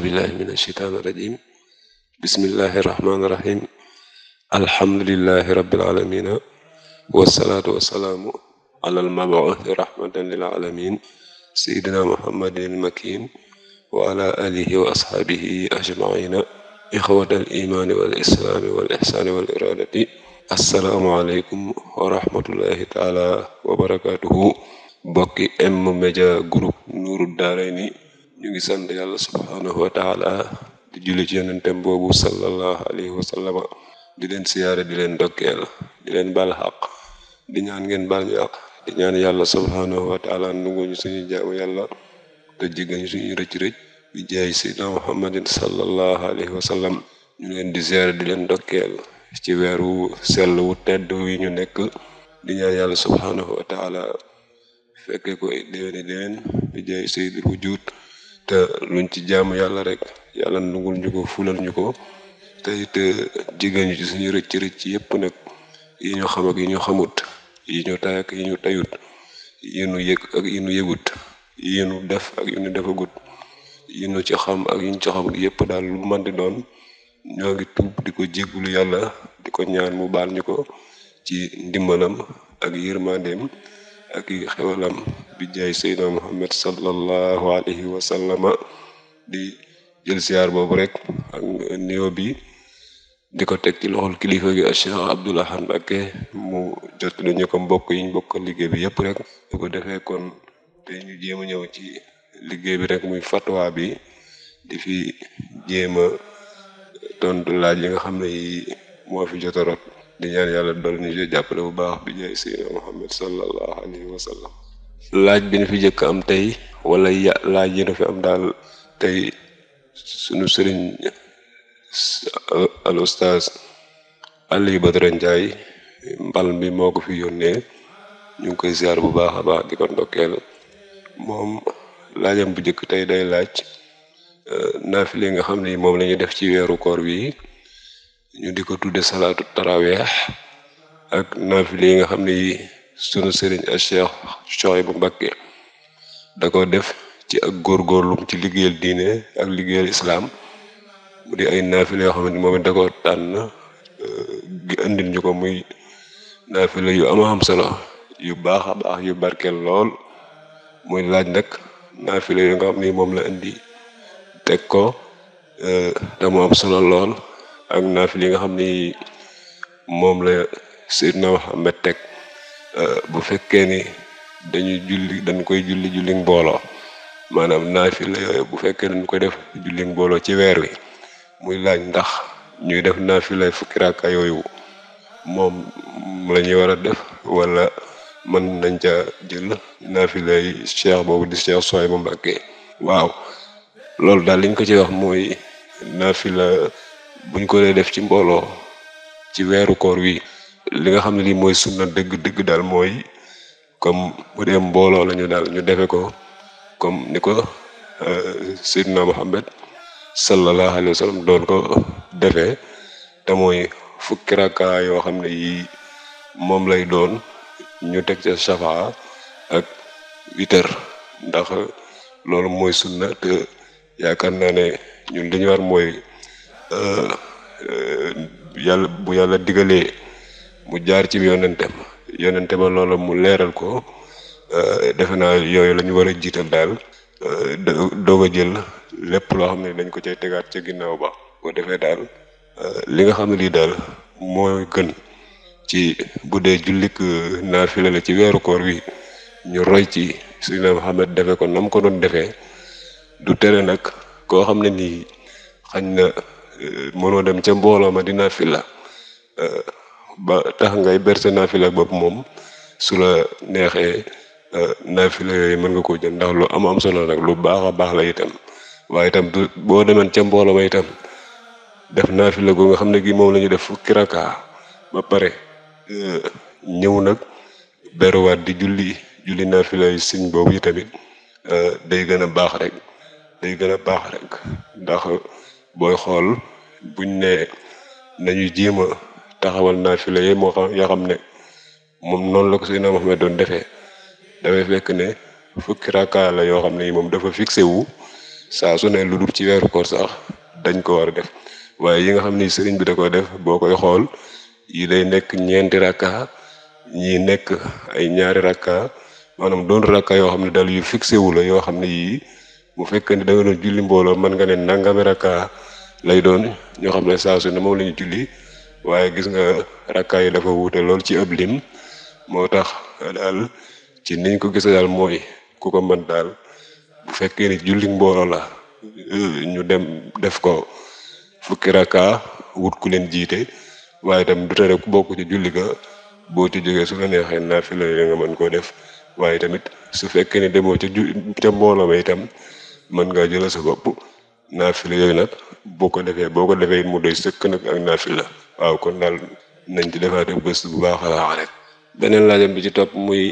billahi min asheytaan irajim bismillahi irrahmaani irrahim alhamdulilahi rabbil alamina wasalaatu wasalaamu ala almabuuthi rahmatan lil alamin sayidina muhammadin almakin wa ala alihi wa ashaabihi ajmaina ixwat al imaani wal islaami wal ixsaani wal iraadati asalaamualeykum wa rahmatullahi taala wa barakatuhu bokki M Media Group nuuru daarayni ñu ngi sant yàlla subhaanahu wa taala di julli ci yonentem boobu sallallahu alayhi wa di leen siyaare di leen dokkeel di leen baal xaq di ñaan ngeen baal ñu àq di ñaan yàlla subhaanahu wa taala nanguñu suñu jaamu yàlla te jéggañu suñu rëcc-rëcc bi jaay sayyidina muhammadin sallallahu alayhi wa sallam ñu leen di siyaare di leen dokkeel ci weer wu sell wu tedd yi ñu nekk di ñaan yàlla subhaanahu wa taala fekke ko déwéni bi jaay sayyidul wujud te luñ ci jaamu yàlla rek yàlla nungul ñu ko fulal ñu ko te it jigéen ñi ci suñu rëcc rëcc yépp nag yi ñu xam ak yi ñu xamut yi ñu tay yi ñu tayut yi ñu yëg ak yi ñu yëgut yi ñu def ak yi ñu defagut yi ñu ci xam ak yi ñu ci xamut yépp daal lu man di doon ñoo ngi tuub di ko jéggulu yàlla di ko ñaan mu baal ñu ko ci ndimbalam ak yërmandeem ak i xewalam bi jaay seydna muhammad sallallahu alayhi wa sallama di jël ziar boobu rek ak néew bi di ko teg ci loxol kilifa gi Cheikh Abdoul Ahad Mbacké mu jot lu ñu ko mbokk yi bokk liggéey bi yëpp rek bu ko defee kon te ñu jéem a ñëw ci liggéey bi rek muy fatwa bi di fi jéem a du laaj yi nga xam ne yi moo fi jot a rot di ñaan yàlla dool ñu jàppale bu baax bi jaay muhammad sallallahu alayhi wa laaj bi nu fi jëkk am tey wala ya laaj yi nu fi am daal tey sunu sëriñ al oustaz Aliou Badara Ndiaye mbal mi moo ko fi yónnee ñu ngi koy ziar bu baax a baax di ko ndokkeel moom laajam bu jëkk tey day laaj naafile nga xam ne moom la def ci weeru koor wi ñu di ko tudde salaatu taraweex ak naafile yi nga xam ne sunu sëriñ a cheikh Souhaïbou Mbacké da ko def ci ak góorgóorlum ci liggéeyal diine ak liggéeyal islaam mu di ay naafila yoo moom it tànn euh, gi andil ñu ko muy naafila yu ama am solo yu baax a baax yu barkeel lool muy laaj nag naafila yu nga xam ni moom la indi teg ko euh, te mu am solo lool ak naafila yi nga xam ni moom la Seydina Muhammad teg Euh, bu fekkee ni dañuy julli dañ koy julli julli mbooloo maanaam naafila yooyu bu fekkee dañ koy def julli mbooloo ci weer wi muy laaj ndax ñuy def naafila fukki raaka yooyu moom lañuy ñuy war a def walla mën nañ ca jël naafila yi cheikh boobu di cheikh sooy bu Mbàkke waaw loolu daal liñ ko ci wax mooy naafila buñ ko def ci mbooloo ci weeru koor wi li nga xam ne lii mooy sunna dëgg dëgg daal mooy comme bu dee mbooloo lañu daal ñu defe ko comme ni ko euh, Seydina Muhammad sallallahu alayhi wa doon ko defee te mooy fukki yoo xam ne yii moom lay doon ñu teg ca shafa ak witër ndax loolu mooy sunna te yaakaar naa ne ñun li ñu war mooy euh, euh, yàlla bu yàlla digalee mu jaar ci yonente ba yonente ma loola mu leeral ko eh, defe naa yooyu la ñu war a jiital daal eh, doog a jël lépp loo xam ne dañ ko cay tegaat ca ginnaaw ba boo defee daal eh, li nga xam ne lii daal mooy gën ci bu dee jullik naafila la ci weeru koor wi ñu roy ci Seydina Muhammad defe ko nam ko doon defee du tere nag koo xam ne nii xañ na mënoo dem ca mbooloo ma di naafila ba tax ngay berse naafila ak bopp moom su la neexee euh, naafila yooyu mën nga koo jël ndax lu am am solo nag lu baax a baax la itam waaye itam du boo demee ca mbooloo itam def naafila goo nga xam ne gi moom la def fukki raka ba pare euh, ñëw nag beruwaat di julli julli naafila yi sëñ boobu yi tamit euh, day gën a baax rek day gën a baax rek ndax booy xool buñ ne nañu jéem a taxawal naafila yi moo xam yoo xam ne moom noonu la ko Seydina Muhammad doon defee dafay fekk ne fukki rakka la yoo xam ne yi moom dafa fixé wu saa ne lu dul ci weer koor sax dañ ko war a def waaye yi nga xam ne sëriñ bi da koy def boo koy xool yi day nekk ñeenti rakka ñi nekk ay ñaari rakka maanaam doon rakka yoo xam ne daal yu fixé la yoo xam ne yii bu fekkee ne da nga doon julli mbooloo man nga ne nangami rakka lay doon ñoo xam ne saa ne moom la julli waaye gis nga rakkaa yi dafa wuute lool ci ëb lim moo tax daal ci niñ ko gisa daal mooy ku ko mën daal bu fekkee ni julli mbooloo la ñu dem def ko fukki rakkaa wut ku leen jiite waaye tam du tere ku bokk ci julli boo ci jógee su la neexee naafila yi nga mën koo def waaye tamit su fekkee ni demoo ca ju ca mbooloo ma itam mën ngaa jëla sa bopp naafila yooyu nag boo ko defee boo ko defee mu doy sëkk nag ak naafila waaw kon daal nañ ci defaate gëstu bu baax a rek beneen laajam bi ci topp muy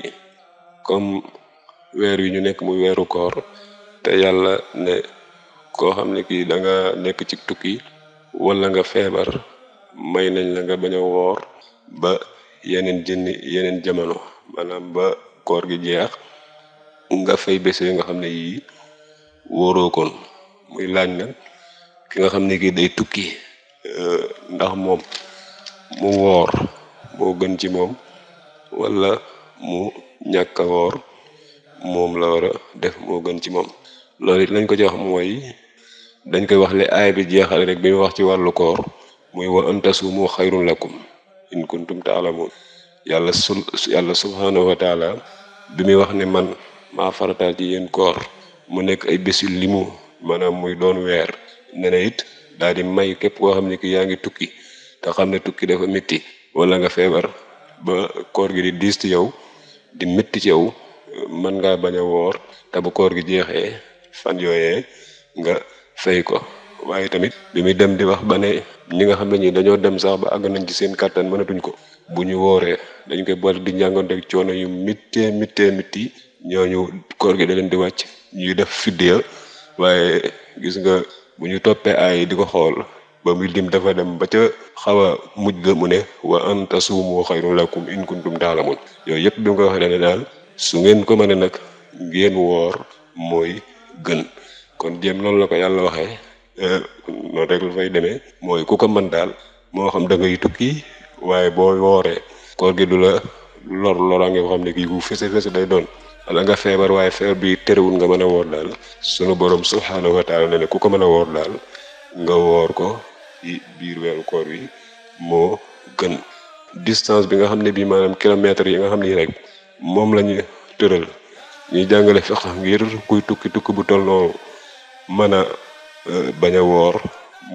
comme weer wi ñu nekk muy weeru koor te yàlla ne koo xam ne kii danga nekk ci tukki walla nga feebar may nañ la nga bañ a woor ba yeneen jën yeneen jamono maanaam ba koor gi jeex nga fay bés yi nga xam ne yii wóoroo kon muy laaj nag ki nga xam ne kii day tukki Euh, ndax moom mu woor moo gën ci moom wala mu ñàkk woor moom la war def moo gën ci moom loolu it lañ ko ci wax mooy dañ koy wax le ay bi jeexal rek bi mu wax ci wàllu koor muy wa an tasuumu xayrun lakum in kuntum taalamuun yàlla su yàlla subhaanahu wa bi muy wax ne man maa farataal ci yéen koor mu nekk ay bésu limu maanaam muy doon weer ne it daal may képp koo xam ne ki yaa ngi tukki te xam ne tukki dafa métti wala nga feebar ba koor gi di diis ci yow di mitti ci yow mën ngaa bañ a woor te bu koor gi jeexee fan yooye nga fay ko waaye tamit bi muy dem di wax ba ne ñi nga xam ne ñi dañoo dem sax ba àgg nañ ci seen kàttan mënatuñ ko bu ñu wooree dañ koy boole di njàngoonteeg coono yu mittee mittee mitti ñooñu koor gi da di wàcc ñuy def fiddiya waaye gis nga bu ñu toppee aay di ko xool ba muy lim dafa dem ba ca xaw a mujj ga mu ne wa an tasuumu la lakum in kuntum taalamun yooyu yëpp bi mu ko wax ne daal su ngeen ko mënee nag ngeen woor mooy gën kon jéem loolu la ko yàlla waxee noonu eh, rek lu fay demee mooy ku ko mën daal moo xam da ngay tukki waaye boo wooree koor gi du la lor loraange boo xam ne kii bu fese fese day doon da nga feebar waaye feebar bi terewul nga mën a woor daal sunu borom subhaanahu wa taala ne ne ku ko mën a woor daal nga woor ko ci biir weeru koor wi moo gën distance bi nga xam ne bii maanaam kilomètres yi nga xam ne rek moom la ñu tëral ñuy jàngale fex ngir kuy tukki tukki bu toll noonu mën a euh, bañ a woor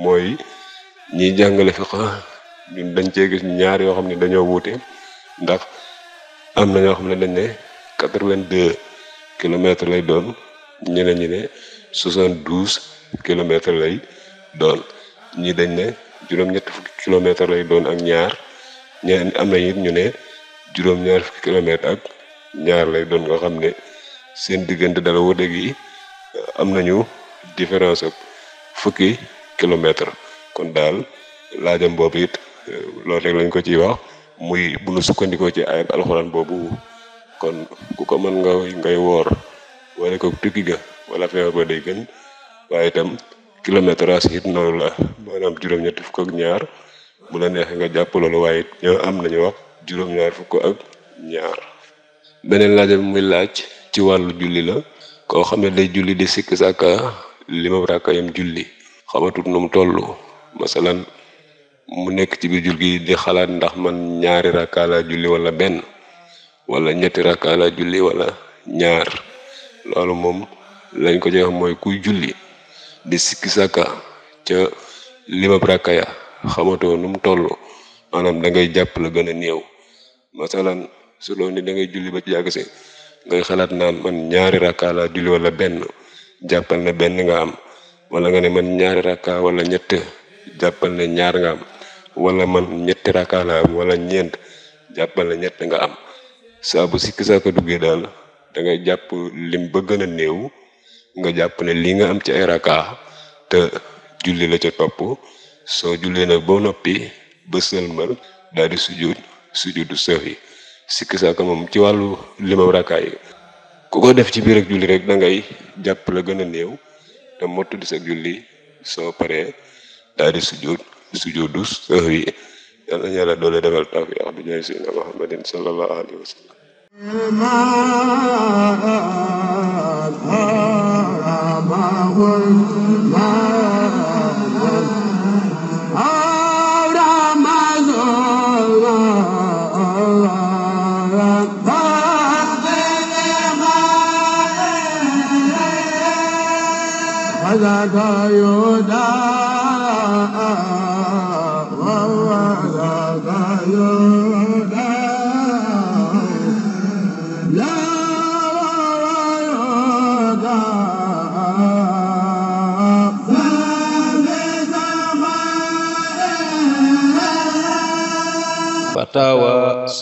mooy ñiy jàngale fex ñun dañ cee gis ñaar yoo xam ne dañoo wuute ndax am na ñoo xam ne dañ ne quatre-vingt-deux kilomètres lay doon ñeneen ñi ne soixante-douze kilomètres lay doon ñi dañ ne juróom-ñett fukki kilomètres lay doon ak ñaar ñeneen am na it ñu ne juróom-ñaar fukki kilomètres ak ñaar lay doon nga xam ne seen diggante dala wuute gi euh, am nañu différence ak fukki kilomètre kon daal laajam boobu it euh, loolu rek lañ ko ciy wax muy bu nu sukkandikoo ci ayat alxuraan boobu kon ku ko mën nga ngay woor wala ko tukki ga wala feebar ba day gën waaye itam kilométrage it noonu la maanaam juróom fukk ak ñaar bu la neexee nga jàpp loolu ñoo am nañu wax juróom-ñaar fukk ak ñaar beneen laaj muy laaj ci wàllu julli la koo xam ne day julli di sikk sàkka li ma rakkayam julli xamatut nu mu toll masalan mu nekk ci biir jul gi di xalaat ndax man ñaari rakka laa julli wala benn wala ñetti rakka la julli wala ñaar loolu moom lañ ko jox mooy kuy julli di sikki sàkka ca limab rakka ya xamatoo nu mu toll maanaam da ngay jàpp la gën néew masalan su loolu ni da ngay julli ba ci si ngay xalaat naan man ñaari rakka la julli wala benn jàppal na benn nga am wala nga ne man ñaari rakka wala ñett jàppal ne ñaar nga am wala ñetti rakka la am wala ñeent jàppal ne ñett nga am saa bu sikk saaka duggee daal da ngay jàpp lim ba gën a néew nga jàpp ne li nga am ci ay raka te julli la ca topp soo jullee nag ba noppi ba sëlmal daal di sujud sujudu sëf yi moom ci wàllu limam raka ku ko def ci biir ak julli rek dangay jàpp la gën a néew te mottu di sa julli soo paree daal di sujud sujudu sëf yàlla ñu yàlla doole defal tawfiq bi ñooy Seydina Muhammadin sallallahu alayhi wa sallam